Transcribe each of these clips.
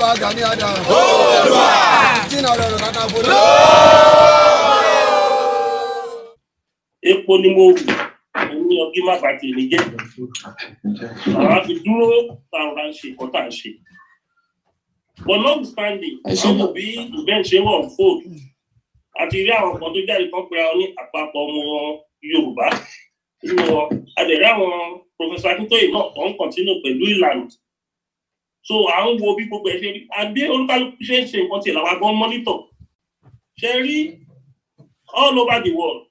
ọba Gani Adams. Oòduà. Tí náà rẹ̀ rẹ̀ Kakanfò. Epo ni mo wù ní ọdún má bàtì ní jẹ́. Àwọn àti dúró táwọn bá ń ṣe ìkọ́ tá à ń ṣe. But notwithstanding, àwọn òbí ìbẹ́ẹ̀ ṣe wọ̀ fóòdù. Àti rí àwọn ọkọ̀ tó jáde kan pera ní àpapọ̀ ọmọ Yorùbá. Adẹ̀rẹ̀ àwọn Prọfẹ̀sọ Akíntóyè náà kàn ń kọ̀tínú pẹ̀lú ìlànà so àwọn wo bí gbogbo ẹ ṣe rí àgbé olúkálùkù ṣe ń ṣe nǹkan tiẹ̀ làwọn gan mọ́nítọ̀ ṣe rí all over the world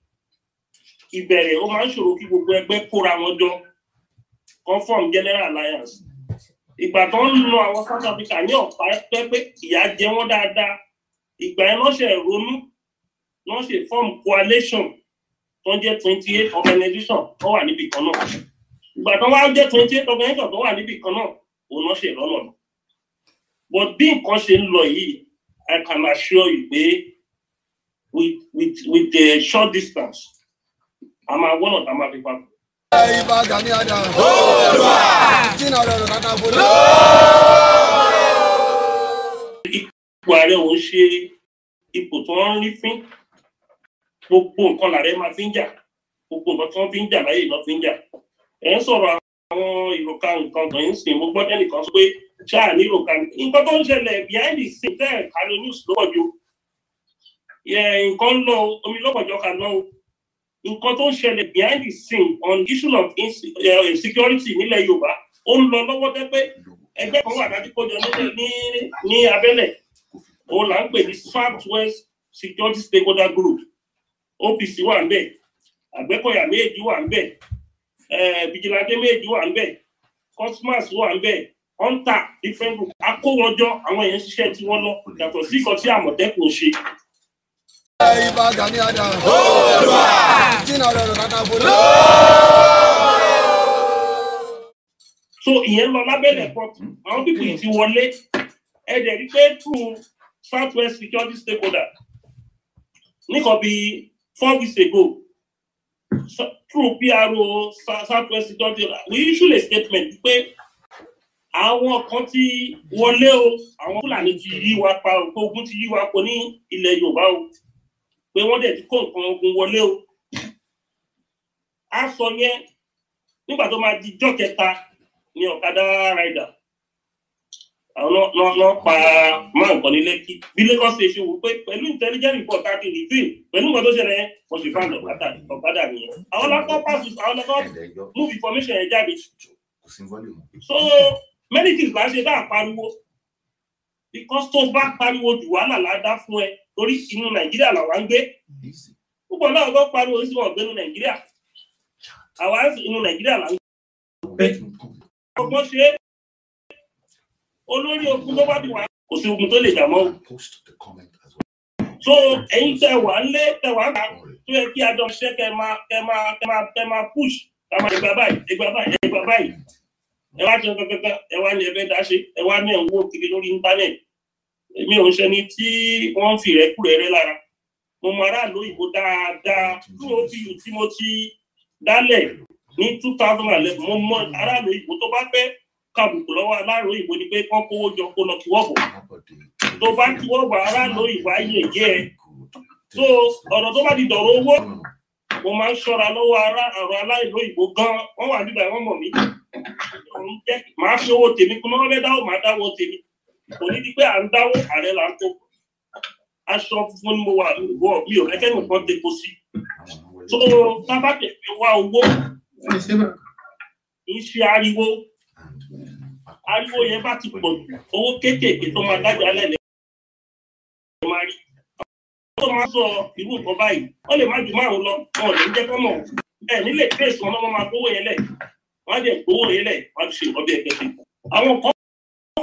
ìbẹ̀rẹ̀ ó máa ń ṣòro kí gbogbo ẹgbẹ́ kóra wọn jọ confirm general alliance ìgbà tó ń lo àwọn South Africa ní ọ̀pá pẹ́pẹ́ ìyà jẹ wọ́n dáadáa ìgbà yẹn lọ́sẹ̀ ronú lọ́sẹ̀ form coalition tó jẹ́ twenty eight organization tó wà níbì kan náà ìgbà tó wá jẹ́ twenty eight organization tó wà níbì kan náà òun náà ṣe lọ́nà lọ but bí nǹkan ṣe ń lọ yìí I can assure you pé with with with the uh, short distance a máa wọ́n náà tá a máa fi papọ̀. Ìbà Gani Adams. Olúwa! Jìnnà rẹ̀ rẹ̀ kàkà fún mi. Ipò ààrẹ ò ṣe ipò tó ń rí fín. Gbogbo nǹkan làárẹ̀ máa fi ń jà. Gbogbo nǹkan tó ń fi ń jà láyé lọ́ fi ń jà. Ẹ̀ ń sọ̀rọ̀ àwọn ìròkà nǹkan kan ń sìn mo gbọ́ tẹ́nìkan sọ pé ṣáà ní ìròkà nǹkan tó ń ṣẹlẹ̀ behind the scene tẹ́ ẹ̀ka ló news lọ́pọ̀ ju nǹkan lọ omi lọ́pọ̀jọ́ kan náà nǹkan tó ń ṣẹlẹ̀ behind the scene on issue of insecurity nílẹ̀ Yorùbá ó ń lọ lọ́wọ́ tẹ́ pé ẹgbẹ́ kan wà dájú kó jọ nílẹ̀ ní abẹ́lẹ̀ òun là ń pè ní south west security stakeholder group OPC wà ń bẹ̀ Àgbẹ̀kọ̀yà méjì wà ń bẹ̀ Eh, vigilante méjì wà ń bẹ cosmas wà ń bẹ hunter different group akówọjọ àwọn èèyàn ṣiṣẹ́ tí wọ́n lọ yàtọ̀ sí ìkan tí àmọ̀tẹ́kùn ṣe. ibà gani ada olùwà jìnnà rẹ̀ rẹ̀ kàkà bolo. so ìyẹn lọ lábẹ́lẹ̀ pọ̀tù àwọn pípọ̀ yìí ti wọlé ẹ̀jẹ̀ rí pé through southwest security stakeholder nìkan bíi four weeks ago through PRO Southwest Security we issue a statement pé àwọn kan ti wọlé o àwọn Fúlàní ti yí wa pa o ogun ti yí wa po ní ilẹ̀ Yorùbá o pé wọ́n dẹ̀ ti kó nǹkan ogun wọlé o a sọ yẹn nígbà tó máa di jọ́ kẹta ọ̀kadà rider lọ pa máa nǹkan ní lẹ́kí bí Lagos ṣe ṣe wò pé pẹ̀lú intelligent report tá a ti nǹkan tó ṣẹlẹ̀ wọ́n sì fáwọn ọ̀gbádà ọ̀gbádà nìyẹn àwọn lápá pàṣẹ àwọn lápá move information yẹn jáde. so many things la ṣe bá pariwo because tó bá pariwo jù wàhálà la dá fún ẹ torí inú Nàìjíríà làwa ń gbé púpọ̀ náà ọgọ́ pariwo sí wọn gbénu Nàìjíríà àwa inú Nàìjíríà là ń gbé ọgbọ́n ṣe olórí ogun tó bá bí wá kò sí ogun tó lè jà mọ́ o. so ẹ̀yin tẹ wà lé tẹ wà kà tó yẹ kí adọ ṣe kẹ máa kẹ máa kẹ máa kẹ máa push kà máa ìgbà báyìí ìgbà báyìí ìgbà báyìí ẹ wá jẹun kankan ẹ wá ní ẹbẹ dáṣe ẹ wá ní ẹwọ kiri lórí íńtánẹẹtì èmi ò ń ṣẹni tí wọn ń fi rẹkúrẹrẹ lára mo mọ aráàlú òyìnbó dáadáa lóò fi yù tí mo ti dálẹ̀ ní two thousand and eleven mo mọ aráàlú òyìnbó tó bá fẹ́ kàbùkù lọ́wọ́ aláàrò ìbò ni pé kán kówó jọ kó lọ kíwọ́bù tó bá ń kíwọ́bù aráàlú ìwà yẹ̀ yẹ́ ẹ so ọ̀rọ̀ tó bá di dọ̀rọ̀ owó mo máa ń ṣọ́ra lọ́wọ́ ara ọ̀rọ̀ aláìlóyìnbó gan wọ́n wà nígbà wọ́n mọ̀ mí màá fi owó tèmi kún náà lẹ́dá ó máa dáwọ́ tèmi kò ní di pé à ń dáwọ́ ààrẹ là ń kó aṣọ fún mo wà wọ mi ò lẹ́kẹ́ nìkan tepo sí so tábàtẹ̀ fi wá owó kì ṣe ariwo ariwo yẹn bá ti pọ̀ jù owó kéékèèké tó máa dájú alẹ́ lẹ́yìn tó máa rí tó máa sọ irú nǹkan báyìí ó lè má ju márùn lọ wọn ò ní jẹ́ kọ́mọ̀ bẹ́ẹ̀ nílé tírèsì wọn lọ́wọ́ máa gbówó yẹn lẹ̀ wọ́n á dẹ̀ gbówó yẹn lẹ̀ wọ́n á fi ṣe nǹkan bí ẹgbẹ́ bẹ́ẹ̀ àwọn kan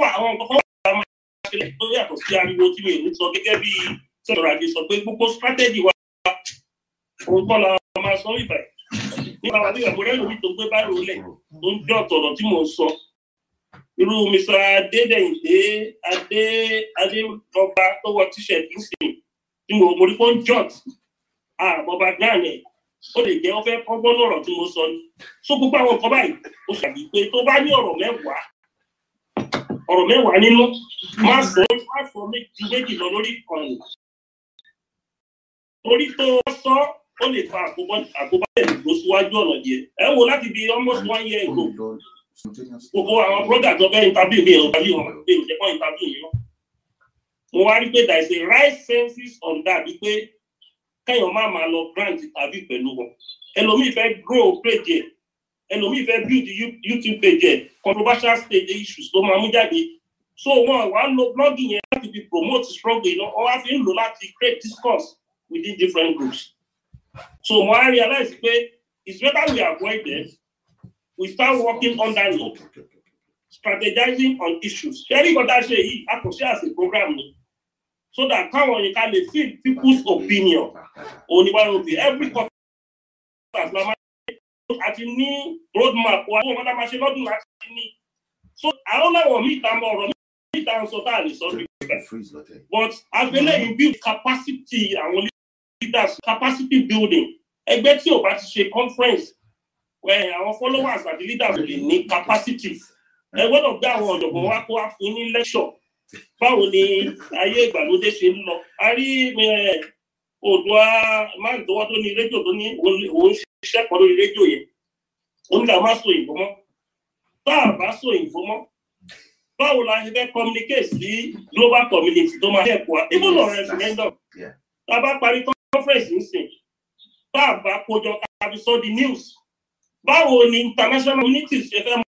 wà àwọn kan wà àwọn ìṣẹ̀lẹ̀ tó yàtọ̀ sí ariwo tí mi ò sọ sọ irú mr adédèyìndé adé adékọba tó wọ tíṣẹt lùsìn tí mo mo rí fún jọt àbọba grand ẹ ó lè jẹ ó fẹ́ kọ́gbọ́n ní ọ̀rọ̀ tí mo sọ ni so gbogbo àwọn nǹkan báyìí ó ṣàbí pé tó bá ní ọ̀rọ̀ mẹ́wàá ọ̀rọ̀ mẹ́wàá nínú má sọ má sọ ju méjì lọ lórí ìkànnì torí tó sọ ó lè fa àkóbá àkóbá ẹ̀ lọ síwájú ọ̀nà díẹ̀ ẹ wo láti bí almost one year ago gbogbo àwọn broda tó fẹ́ interview mi interview wọn pé òjẹ́ kọ́ interview yìí mo wá rí pé there is a right senses on that wípé kẹ́yàn má máa lọ grant interview pẹ̀lú wọn ẹlòmíì fẹ́ grow page ẹ̀ ẹlòmíì fẹ́ build youtube page ẹ̀ controversial stage issues ló máa mú jáde so wọn wá lo blogging yẹn láti fi promote struggle iná wọn wá fi ń lò láti create discourse within different groups so mo wá realize pé it's better we avoid them we start working under it strategizing on issues ṣẹ́rí nǹkan tá a ṣe yìí a kò ṣe àṣẹ program so that káwọn yìí ká feel people's opinion oníwáyọ̀bí every quarter la máa ṣe àti ní road map wa ní ọmọdé máa so àwọn làwọn míì ta mọ ọ̀rọ̀ míì ta sọ tá a lè sọ build capacity àwọn leaders capacity building ẹgbẹ́ tí ò bá ti ṣe conference àwọn followers àti leaders lè ní capacity ẹ gbọ́dọ̀ gbé àwọn ọ̀jọ̀gbọ́n wá kó wá fún ní lecture báwo ni ayé ìgbàlódé ṣe ń lọ a rí Oòduà máa ń tọwọ́ tó ní rédíò tó ní òun ṣiṣẹ́ kan lórí rédíò yẹn òun là má so ìbò mọ́ tá a bá so ìbò mọ́ báwo la ṣe fẹ́ communicate sí global community tó máa dẹ́kun wa even on referendum tá a bá parí conference ń sìn tá a bá kójọ ká fi news báwo ni international community ṣe fẹ́ mọ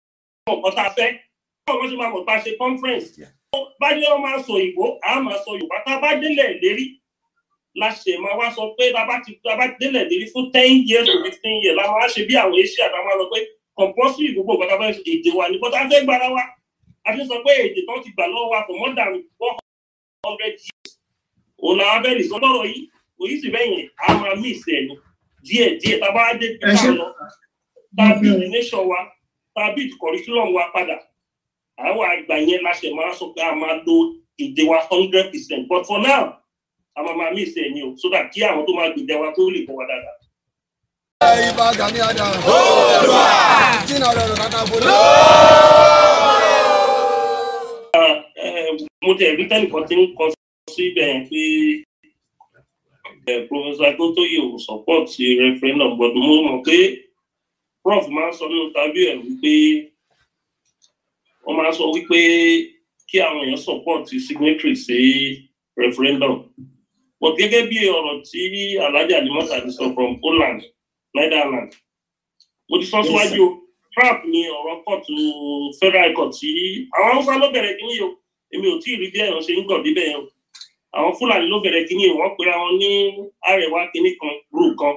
ọ̀kan tá a fẹ́ báwo wọ́n ṣe máa mọ̀ pa ṣe conference bá dé wọn máa sọ ìbò a máa sọ yorùbá tá a bá délẹ̀ lérí la ṣe máa wá sọ pé tá a bá délẹ̀ lérí fún ten years to fifteen years la máa ṣe bí àwọn asia tá a máa lọ pé compulsory gbogbo nǹkan tá a fẹ́ èdè wa ni bọ́tà fẹ́ gbára wa a ti sọ pé èdè kan ti gbà lọ́wọ́ wa for more than one hundred years òun làwọn abẹ́rẹ́ ìsọlọ́rọ̀ yìí òyìnbó bẹ́yẹn a máa mí ìsẹ̀ ni díẹ̀ tá a bá dé tàbí mm-hmm. nation wa tàbí curriculum wa padà àwọn àgbà yẹn la ṣe máa sọ pé a máa lo èdè wa hundred percent but for now a máa máa mí ìsẹ̀ ni o so that kí àwọn tó máa gbèdẹ wa tó lè kọ́ dáadáa. Mo tẹ̀ rí tẹ́nìkan tí ń kọ síbẹ̀ pé eh, Professor Akintoye ò support referendum but mo mọ̀ pé prof máa ń sọ nínú tàbí ẹ̀ wípé wọ́n máa ń sọ wípé kí àwọn èèyàn support signatory sí referendum but gẹ́gẹ́ bí ọ̀rọ̀ tí alhaji alimota ti sọ from Poland Netherlands mo ti sọ síwájú o trap ni ọ̀rọ̀ kóòtù federal court tí àwọn haúsá ló bẹ̀rẹ̀ kínní o èmi ò tí ì rí bí ẹ̀yàn ṣe ń gọ̀ níbẹ̀ yẹn o àwọn fúlàní ló bẹ̀rẹ̀ kínní o wọ́n pera wọn ní àrẹwà kínní kan group kan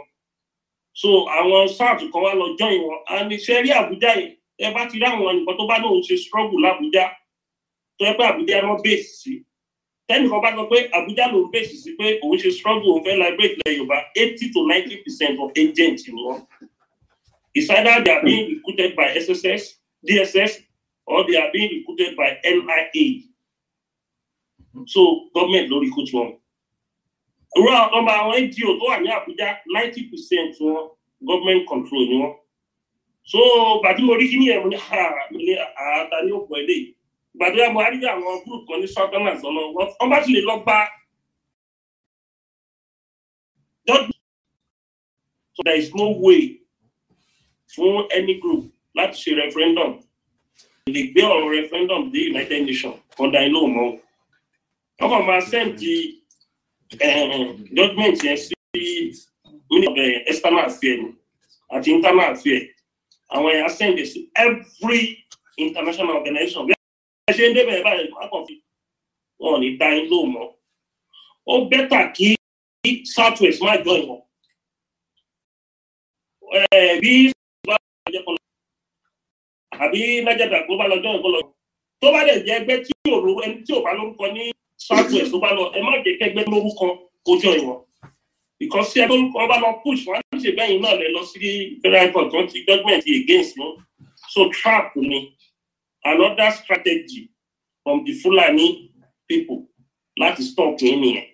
so àwọn SARS kan wá lọ join wọn àníṣe rí Àbújá yìí ẹ bá ti rí àwọn nǹkan tó bá lóun ṣe struggle l'Àbújá tó yẹ pé Àbújá ẹ wọ́n bèèsì sí tẹ́nìkan bá sọ pé Àbújá lòun bèèsì sí pé òun ṣe struggle òun fẹ́ liberate ilẹ̀ Yorùbá eighty to ninety percent of agents ni wọ́n it's either they are being recruited by SSS DSS or they are being recruited by NIA so government ló recruit wọn irú àwọn nọ́mbà àwọn ngo tó wà ní àbújá ninety percent wọn government control ni wọn so bàtí mo rí kí ní ẹ̀ mo ní àtà ah, ní òpó ẹ̀ léyìí gbàdúrà mo á rí àwọn gúrùpù kan ní southern azọ́nà wọn bá ti lè lọ bá so there is no way fún any group láti ṣe referendum lè gbé ọ̀rọ̀ referendum dé united nations kọ́ńdà inú ọmọ wọn kàn máa send the. Eh, judgment yẹn sí minister of external affairs àti internal affairs àwọn yẹn send it to every international organization bí ẹ ṣe ń débẹ̀ báyìí má kàn fi wọn ò ní dá yín lóò mọ́ ó bẹ́tà kí southwest má jọ ìwọ̀n eh, bí àbí nájàdà gbogbo àlọ́jọ́ ìkọlọ́ tó bá dẹ̀ jẹ́ ẹgbẹ́ tí ò bá lórúkọ ní ṣáàtù ẹ̀ tó bá lọ ẹ má jẹ́ kẹgbẹ́ lórúkọ kójọ ìwọ̀n because tí ẹ lórúkọ bá lọ push wọn á ṣe bẹ́yìn náà lẹ lọ sí federal court wọn ti government against wọn so trap ni another strategy from the Fulani people láti stop ní nìyẹn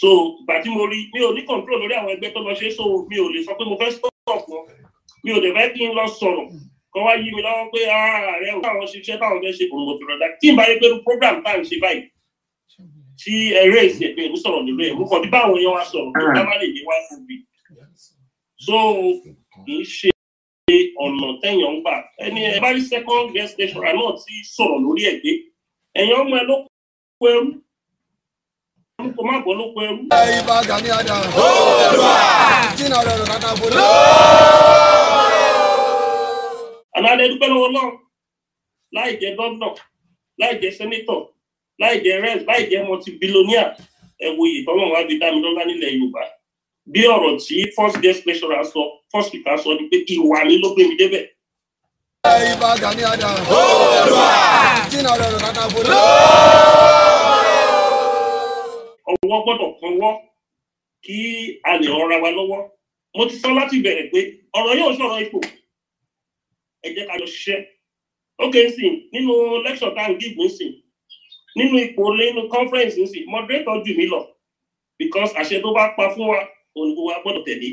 so ìgbà tí mo rí mi ò ní control lórí àwọn ẹgbẹ́ tó lọ ṣe so mi ò lè sọ pé mo fẹ́ stop wọn mi ò lè fẹ́ kí n lọ sọ̀rọ̀ kọ́ wá yí mi lọ́wọ́ pé ah, ààrẹ ò táwọn ṣiṣẹ́ táwọn fẹ́ ṣe òun mo ti rọ̀ dá kí n bá yẹ pé program tá à ń ṣe báyìí tí ẹ raise yẹ pé èmi sọ̀rọ̀ nínú ẹ̀ mo kàn ní báwọn èèyàn wá sọ̀rọ̀ tó ah. dá má lè ní wá fún mi. so kì í ṣe ọ̀nà tẹ̀yàn ń gbà ẹni ẹ bá rí second guest station náà ti sọ̀rọ̀ lórí ẹ̀ pé ẹ̀yàn ọmọ ẹ ló kó ẹrú kó má bọ́ ló kó ẹrú. Ìbà Gani Adams. olùwà jìnnà rẹ̀ rẹ̀ kàkà fún mi. àná adé dúpẹ́ lọ́wọ́ náà láì jẹ́ gọ́ńdọ̀ láì jẹ́ sẹ́nítọ̀ láì jẹ rent láì jẹ multi-billionaire ẹ wo iye tọ́lọ́ wọn á fi dá mi lọ́lá nílẹ̀ Yorùbá bí ọ̀rọ̀ tí first guest lecturer sọ first speaker sọ ni pé ìwà mi ló gbé mi débẹ̀. Ìbà Gani Adams. Olúwa. Jìnnà rẹ̀ rẹ̀ kàkà bolo. Ọwọ́ gbọ́dọ̀ kanwọ́ kí a lè rọra wa lọ́wọ́. Mo ti sọ láti bẹ̀rẹ̀ pé ọ̀rọ̀ yóò sọ̀rọ̀ ipò. Ẹ jẹ́ ká lọ ṣiṣẹ́. Ó kéré sí nínú lẹ́kṣọ̀ tá à ń gígùn sí i nínú ipò nínú conference ń sì moderator jù mí lọ because àṣẹ tó bá pa fún wa òǹkó wa gbọ́dọ̀ tẹ̀lé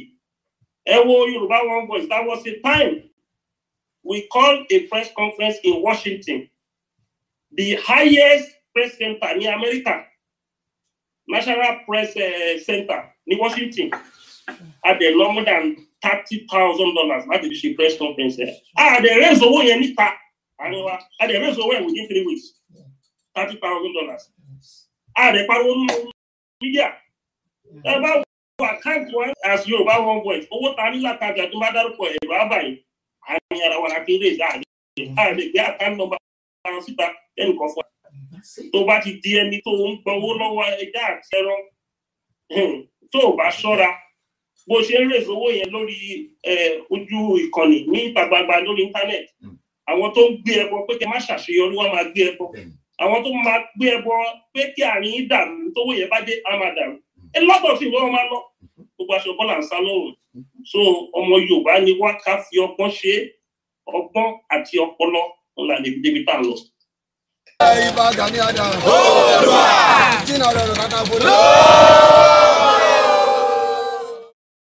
ẹ wo yorùbá one voice that was a time we called a press conference in washington the highest press center ní america national press uh, center ní washington at lọ more than thirty thousand dollars láti fi ṣe press conference ẹ adẹ raise owó yẹn níta àríwá adẹ raise owó yẹn within three weeks thirty thousand dollars àdè pariwo nínú mídíà ẹ bá wọ àkáǹtì one as yorùbá one point. owó ta ní látàjà tó bá dárúkọ ẹ̀rọ àbáyé àárín ara wa láti eré ìdá àdé àdé gbé àkáǹtì nọ́mbà kan síta ẹnì kan fún wa tó bá ti di ẹni tó ń gbọ́wó lọ́wọ́ ẹja àti ẹran hmm, tó bá ṣọ́ra bó ṣe ń rèéz owó yẹn lórí ojú ìkànnì ní ìta gbangba lórí íńtánẹ́ẹ̀tì hmm. àwọn tó ń gbé ẹbọ pé kí ẹ má ṣàṣeyọrí wọn máa gbé ẹbọ àwọn tó máa gbé ẹbọ pé kí àárín dàrú tówó yẹn bá dé á máa dàrú ẹ lọ́dọ̀ sí ìwọ́n máa lọ gbogbo aṣọ bọ́là ń sá lọ́rùn so ọmọ Yorùbá ni wá ká fi ọgbọ́n ṣe ọgbọ́n àti ọpọlọ ńlá níbi débi tá à ń lọ. Ìbà Gani Adams. Olúwa! Jìnnà rẹ̀ rẹ̀ kàkà fún